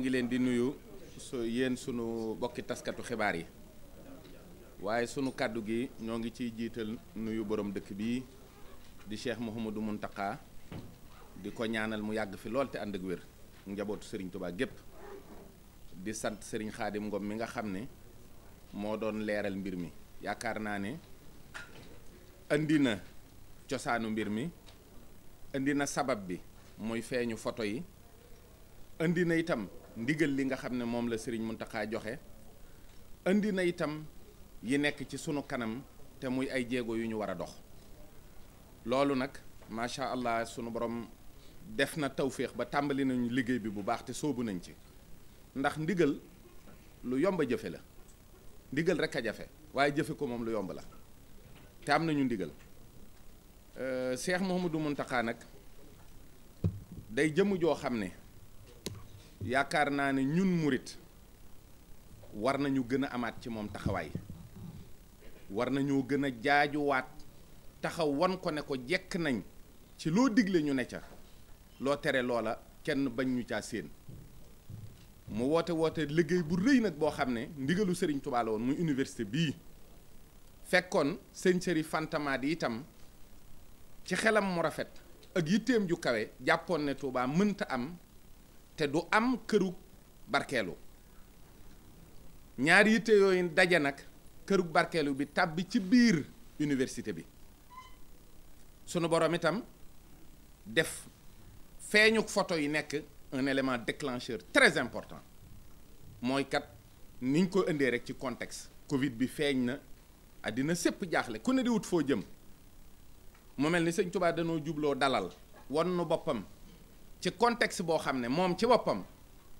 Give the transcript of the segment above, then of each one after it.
ngi leen di nuyu yéen sunu bokki taskatu xibaar yi waaye sunu kàddu gi ñoo ngi ciy jiital nuyu borom dëkk bi di Cheikh Mouhamadou Mountakha di ko ñaanal mu yàgg fi lool te ànd ak njabootu Serigne Touba gépp di sant Serigne Khadim Ngom mi nga xam ne moo doon leeral mbir mi yaakaar naa ne indi na cosaanu mbir mi indi na sabab bi muy feeñu foto yi indi na itam ndigal li nga xam ne moom la Serigne Mountakha joxe indi na itam yi nekk ci sunu kanam te muy ay jéego yu ñu war a dox loolu nag macha allah sunu borom def na tawféex ba tàmbali nañu liggéey bi bu baax te sóobu nañ ci ndax ndigal lu yomb a jëfe la ndigal rek a jafe waaye jëfe ko moom lu yomb la te am nañu ndigal euh, Cheikh du muntaxaa nag day jëm joo xam ne. yaakaar naa ne ñun murit war nañu gën a amaat ci moom taxawaay war nañoo gën a jaajuwaat taxaw wan ko ne ko jekk nañ ci loo digle ñu ne ca loo tere loola kenn bañ ñu ca séen mu woote woote liggéey bu rëy nag boo xam ne ndigalu Serigne Touba woon muy université bi fekkoon sëñ Serigne Fantamaadi itam ci xelam mu rafet ak yitteem ju kawe jàppoon ne Touba mënta am. te du am kërug barkeelu ñaar yitte yooyu daje nag kërug barkeelu bi tàbb ci biir université bi sunu borom itam def feeñuk photo yi nekk un élément déclencheur très important mooy kat niñ ko indee rek ci contexte covid bi feeñ na àddina sépp jaaxle ku ne di wut foo jëm mu mel ni sëñ Tuubaa danoo jubloo dalal won nu boppam ci contexte boo xam ne moom ci boppam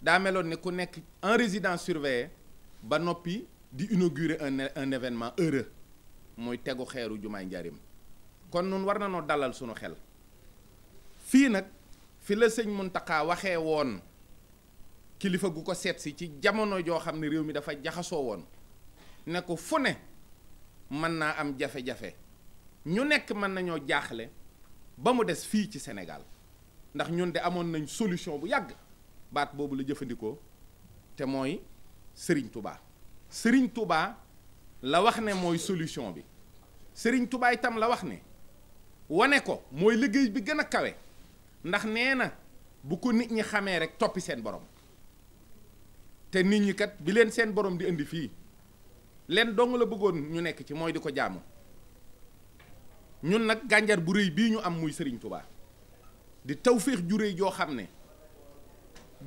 daa meloon ne ku nekk en résidence surveillée ba noppi di inaugurer un un événement heureux muy tegu xeeru jumaay njarim kon nun war na noo dalal sunu xel fii nag fi la sëñ Muntaxa waxee woon kilifa gu ko seet si ci jamono joo xam ne réew mi dafa jaxasoo woon ne ko fu ne mën naa am jafe-jafe ñu nekk mën nañoo jaaxle ba mu des fii ci senegal ndax ñun de amoon nañ solution bu yàgg baat boobu la jëfandikoo te mooy sëriñ Touba sëriñ Touba la wax ne mooy solution bi sëriñ tubaa itam la wax ne wane ko mooy liggéey bi gën a kawe ndax nee na bu ko nit ñi xamee rek toppi seen borom te nit ñi kat bi leen seen borom di indi fii leen dong la bëggoon ñu nekk ci mooy di ko jaamu ñun nag gànjar bu rëy bii ñu am muy Serigne Touba. di tawféex juree joo xam ne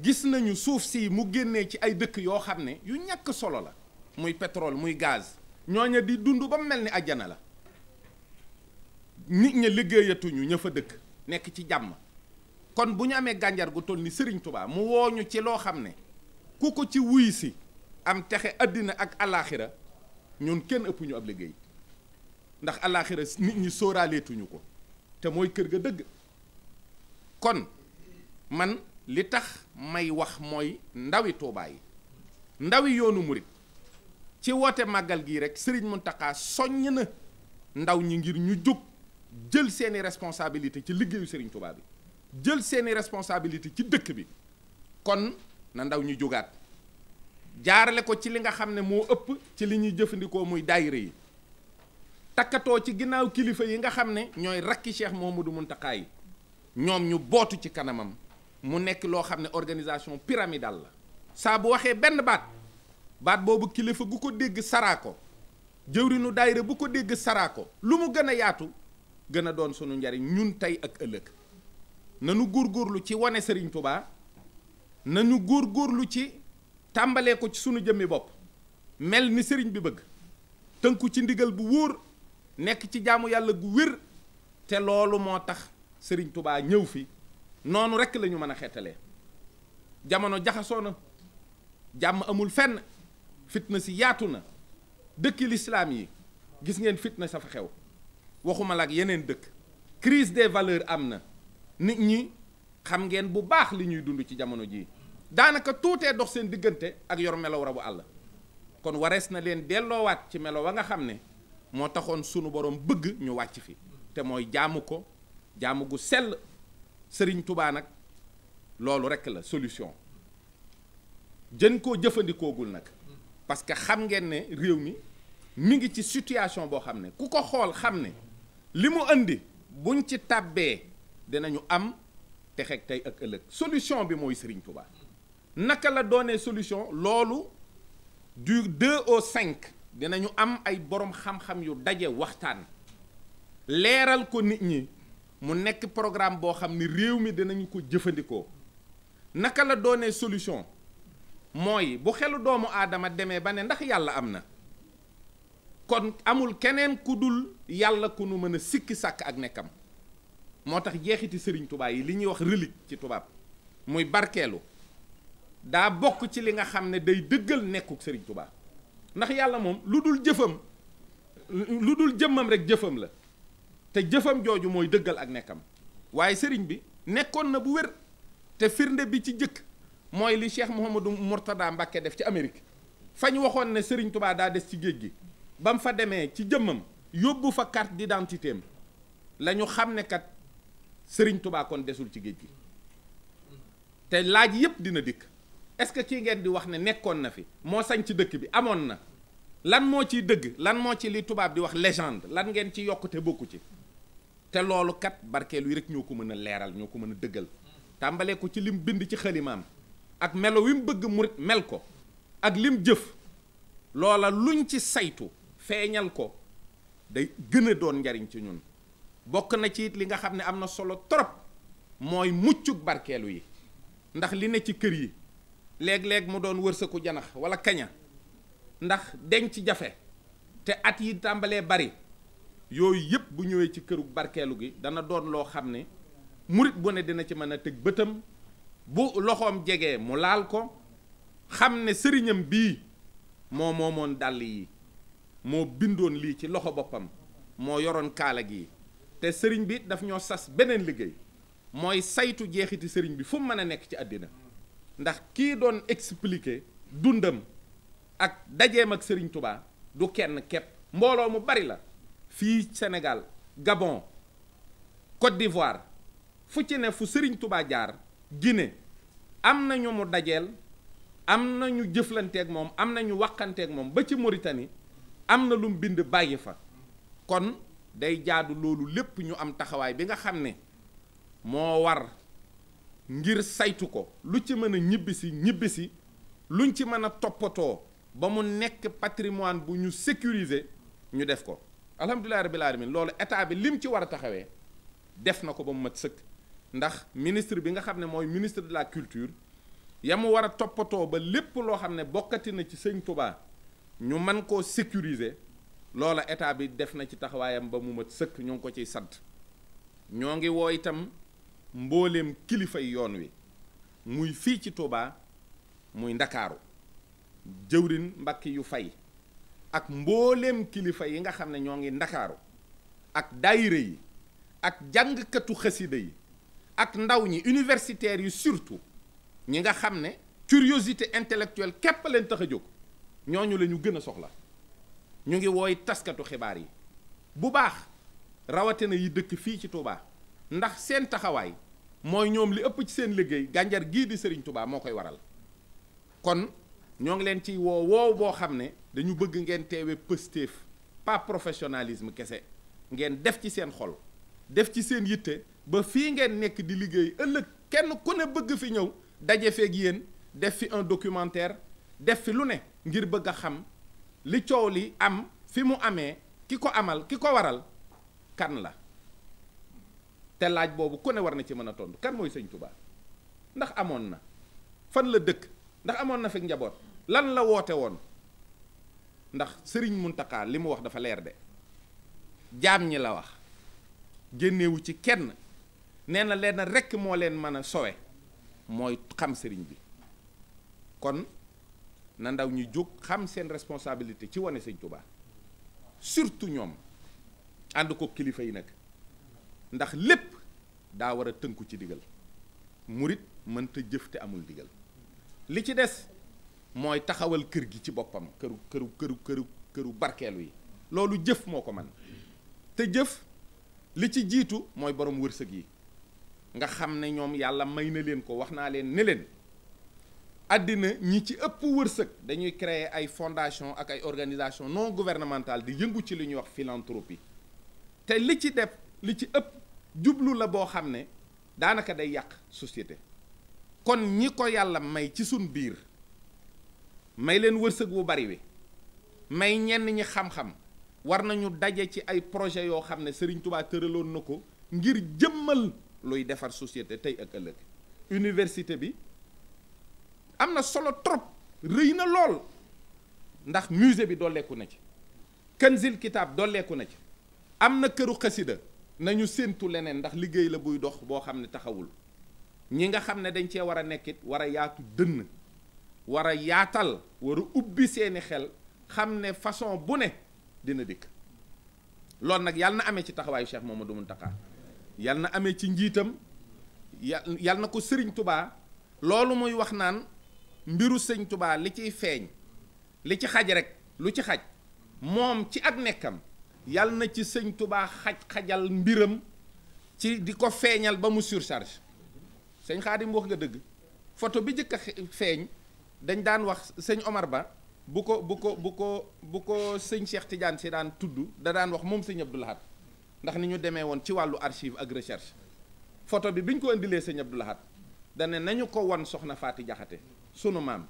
gis nañu suuf si mu génnee ci ay dëkk yoo xam ne yu ñàkk solo la muy pétrole muy gaz ñooña di dund ba mel ni àjjana la nit ña liggéeyatuñu ña fa dëkk nekk ci jàmm kon bu ñu amee gànjar gu toll ni sëriñ Touba mu wooñu ci loo xam ne ku ko ci wuyu si am texe àddina ak alaaxira ñun kenn ëpp ñu ab liggéey ndax alaaxira nit ñi sóoraaleetuñu ko te mooy kër ga dëgg kon man li tax may wax mooy ndawi Tuubaa yi ndawi yoonu murit ci woote màggal gii rek Sëriñ Muntaxa soññ na ndaw ñi ngir ñu jóg jël seeni responsabilité ci liggéeyu Sëriñ Tuubaa bi jël seeni responsabilité ci dëkk bi kon na ndaw ñu jógaat jaarale ko ci li nga xam ne moo ëpp ci li ñuy jëfandikoo muy daayira yi takkatoo ci ginnaaw kilifa yi nga xam ne ñooy rakki Cheikh Mouhamadou Mountakha yi ñoom ñu bootu ci kanamam mu nekk loo xam ne organisation pyramidale la saa bu waxee benn baat baat boobu kilifa gu ko dégg saraako ko jëwrinu daayira bu ko dégg saraako lu mu gën a yaatu gën a doon sunu njariñ ñun tey ak ëllëg nanu góorgóorlu ci wane Serigne Touba nañu góorgóorlu ci tàmbalee ko ci sunu jëmmi bopp mel ni sëriñ bi bëgg tënku ci ndigal bu wóor nekk ci jaamu yàlla gu wér te loolu moo tax sëriñ tubaa ñëw fi noonu rekk lañu mën a xettalee jamono jaxasoo na jàmm amul fenn fitna si yaatu na dëkki lislaam yi gis ngeen fitna sa fa xew waxuma la ak yeneen dëkk crise de valeur am na nit ñi xam ngeen bu baax li ñuy dund ci jamono jii daanaka tuutee dox seen diggante ak yor melow rabu àll kon warees na leen delloowaat ci melo wa nga xam ne moo taxoon sunu borom bëgg ñu wàcc fi te mooy jaamu ko jaamu gu sell sëriñ tubaa nag loolu rekk la solution jën koo jëfandikoogul nag parce que xam ngeen ne réew mi mi ngi ci situation boo xam ne ku ko xool xam ne li mu indi buñ ci tàbbee dinañu am texeeg tey ak ëllëg solution bi mooy sëriñ tubaa naka la doonee solution loolu du 2 au 5 dinañu am ay borom xam-xam yu daje waxtaan leeral ko nit ñi mu nekk programme boo xam ni réew mi dinañu ko jëfandikoo naka la doonee solution mooy bu xelu doomu aadama demee ba ne ndax yàlla am na kon amul keneen ku dul yàlla ku nu mën a sikki sàkk ak nekkam moo tax jeexiti sëriñ Tuubaa yi li ñuy wax relique ci tubaab muy barkeelu daa bokk ci li nga xam ne day dëggal nekkuk sëriñ Tuubaa ndax yàlla moom lu dul jëfam lu dul jëmmam rek jëfam la te jëfam jooju mooy dëggal ak nekkam waaye sëriñ bi nekkoon na bu wér te firnde bi ci jëkk mooy li Cheikh Mouhamadou Mourtada Mbacké def ci Amérique fañ waxoon ne sëriñ Touba daa des ci géej gi ba mu fa demee ci jëmmam yóbbu fa carte di am la ñu xam ne kat sëriñ Touba kon desul ci géej gi te laaj yépp dina dikk est-ce que kii ngeen di wax ne nekkoon na fi moo sañ ci dëkk bi amoon na lan moo ciy dëgg lan moo ci li tubaab di wax légende lan ngeen ci yokkute bokku ci te loolu kat barkeelu yi rek ñoo ko mën a leeral ñoo ko mën a dëggal tàmbalee ko ci lim bind ci xalimaam ak melo wi mu bëgg murit mel ko ak lim jëf loola luñ ci saytu feeñal ko day gën doon njariñ ci ñun bokk na ci it li nga xam ne am na solo trop mooy muccug barkeelu yi ndax li ne ci kër yi léeg-léeg mu doon wërsëku janax wala kaña ndax deñ ci jafe te at yi tàmbalee bari yooyu yëpp bu ñëwee ci këru barkeelu gi dana doon loo xam ne murit bu ne dina ci mën a tëg bëtam bu loxoom jegee mu laal ko xam ne sëriñam bii moo moomoon dàll yi moo bindoon lii ci loxo boppam moo yoroon kaala gi te sëriñ bi daf ñoo sas beneen liggéey mooy saytu jeexiti sëriñ bi fu mën a nekk ci àddina ndax kii doon expliquer dundam ak dajeem ak sëriñ tubaa du kenn kepp mbooloo mu bari la fii Sénégal Gabon Côte d'Ivoire fu ci ne fu Serigne Touba jaar Guinée am na ñu mu dajeel am na ñu jëflanteeg moom am na ñu waxanteeg moom ba ci moritani am na lu mu bind bàyyi fa kon day jaadu loolu lépp ñu am taxawaay bi nga xam ne moo war ngir saytu ko lu ci mën a ñibbisi ñibbisi luñ ci mën a toppatoo ba mu nekk patrimoine bu ñu sécuriser ñu def ko alhamdulilahi rabil alamin loolu état bi lim ci war a taxawee def na ko ba mu mat sëkk ndax ministre bi nga xam ne mooy ministre de la culture ya mu war a toppatoo ba lépp loo xam ne bokkati na ci sëñ Touba ñu mën koo sécuriser loola état bi def na ci taxawaayam ba mu mat sëkk ñu ngi ko ciy sant ñoo ngi woo itam mbooleem kilifay yoon wi muy fii ci Touba muy Ndakaaru jëwrin mbakk yu fay ak mbooleem kilifa yi nga xam ne ñoo ngi ndakaaru ak daayira yi ak jàngkatu xasida yi ak ndaw ñi universitaire yi surtout ñi nga xam ne curiosité intellectuelle képp leen tax a jóg ñooñu la ñu gën a soxla ñu ngi wooy taskatu xibaar yi bu baax rawatina yi dëkk fii ci Touba ndax seen taxawaay mooy ñoom li ëpp ci seen liggéey gànjar gii di Serigne Touba moo koy waral kon ñoo ngi leen ciy woo woow boo xam ne dañu bëgg ngeen teewe Pastef pas professionnalisme kese ngeen def ci seen xol def ci seen yitte ba fii ngeen nekk di liggéey ëllëg kenn ku ne bëgg fi ñëw daje feeg yéen def fi un documentaire def fi lu ne ngir bëgg a xam li coow li am fi mu amee ki ko amal ki ko waral kan la te laaj boobu ku ne war na ci mën a tontu kan mooy sëñ Tuubaa ndax amoon na fan la dëkk ndax amoon na fi njaboot lan la woote woon ndax sëriñ Muntaxa li mu wax dafa leer de jaam ñi la wax génnewu ci kenn nee na leen rekk moo leen mën a sowe mooy xam sëriñ bi kon na ndaw ñu jóg xam seen responsabilité ci wane sëñ Tuubaa surtout ñoom ànd ko kilifa yi nag ndax lépp daa war a tënku ci digal murit mënta jëf te amul digal li ci des mooy taxawal kër gi ci boppam këru këru këru këru këru barkeelu yi loolu jëf moo ko man te jëf li ci jiitu mooy borom wërsëg yi nga xam ne ñoom yàlla may na leen ko wax naa leen ne leen àddina ñi ci ëpp wërsëg dañuy créer ay fondation ak ay organisation non gouvernementale di yëngu ci li ñuy wax philanthropie te li ci def li ci ëpp jublu la boo xam ne daanaka day yàq société kon ñi ko yàlla may ci sun biir may leen wërsëg wu bari wi may ñenn ñi xam-xam war nañu daje ci ay projet yoo xam ne Serigne Touba tëraloon na ko ngir jëmmal luy defar société tey ak ëllëg université bi am na solo trop rëy na lool ndax musée bi dolleeku na ci Kanzil Kitab dolleeku na ci am na këru xasida nañu séentu leneen ndax liggéey la buy dox boo xam ne taxawul ñi nga xam ne dañ cee war a nekkit war a yaatu dënn war a yaatal war ubbi seeni xel xam ne façon bu ne dina dikk loolu nag yàlla na amee ci taxawaayu Cheikh Mamadou Mountakha yàlla na amee ci njiitam yàlla na ko sëriñ tubaa loolu muy wax naan mbiru sëñ tubaa li ciy feeñ li ci xaj rek lu ci xaj moom ci ak nekkam yàlla na ci sëñ tubaa xaj xajal mbiram ci di ko feeñal ba mu surcharge sëñ Xaadim wax nga dëgg photo bi njëkk a feeñ dañ daan wax sëñ Omar Ba bu ko bu ko bu ko bu ko sëñ Cheikh tijaan si daan tudd da daan wax moom sëñ Abdou ndax ni ñu demee woon ci wàllu archive ak recherche photo bi bi ñu ko indilee sëñ Abdou Lahad nañu ko wan soxna Faati Jaxate sunu maam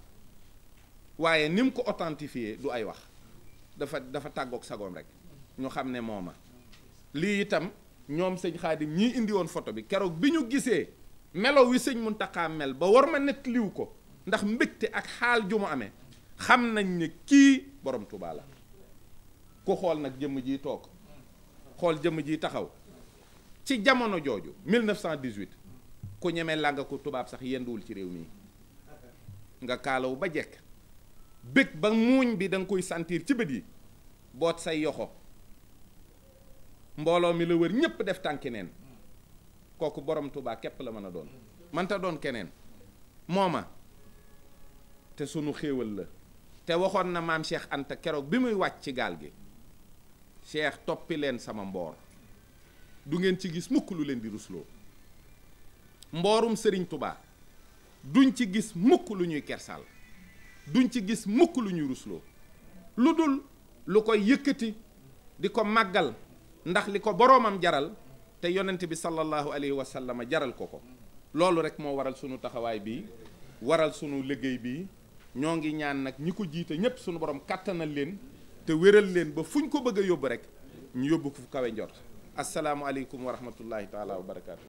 waaye ni ko authentifié du ay wax dafa dafa tàggook sagoom rek ñu xam ne mooma lii itam ñoom sëñ Xaadim ñii indi woon photo bi keroog bi ñu gisee melo wi sëñ Muntaxa mel ba war ma nett liw ko ndax mbégte ak xaal ju mu amee xam nañ ni kii borom Tuubaa la ku xool nag jëmm ji toog xool jëmm ji taxaw ci jamono jooju 1918 ku ñemee làng ko tubaab sax yenduwul ci réew mi nga kaalaw ba jekk bëgg ba muuñ bi danga koy sentir ci bët yi boot say yoxo mbooloo mi la wër ñépp def tànki neen kooku boroom tubaa képp la mën a doon manta doon keneen mooma te sunu xéewal la te waxoon na maam Cheikh Anta keroog bi muy wàcc ci gaal gi Cheikh toppi leen sama mboor du ngeen ci gis mukk lu leen di rusloo mboorum sëriñ tubaa duñ ci gis mukk lu ñuy kersal duñ ci gis mukk lu ñuy rusloo lu dul lu ko yëkkati di ko màggal ndax li ko boroomam jaral te yonent bi sallallahu alayhi wa sallam jaral ko ko loolu rek moo waral sunu taxawaay bi waral sunu liggéey bi ñoo ngi ñaan nag ñi ko jiite ñépp sunu borom kàttanal leen te wéral leen ba fu ñu ko bëgg a yóbbu rek ñu yóbbu ko fu kawe njort asalaamualeykum wa rahmatullahi taala wa barakaatu.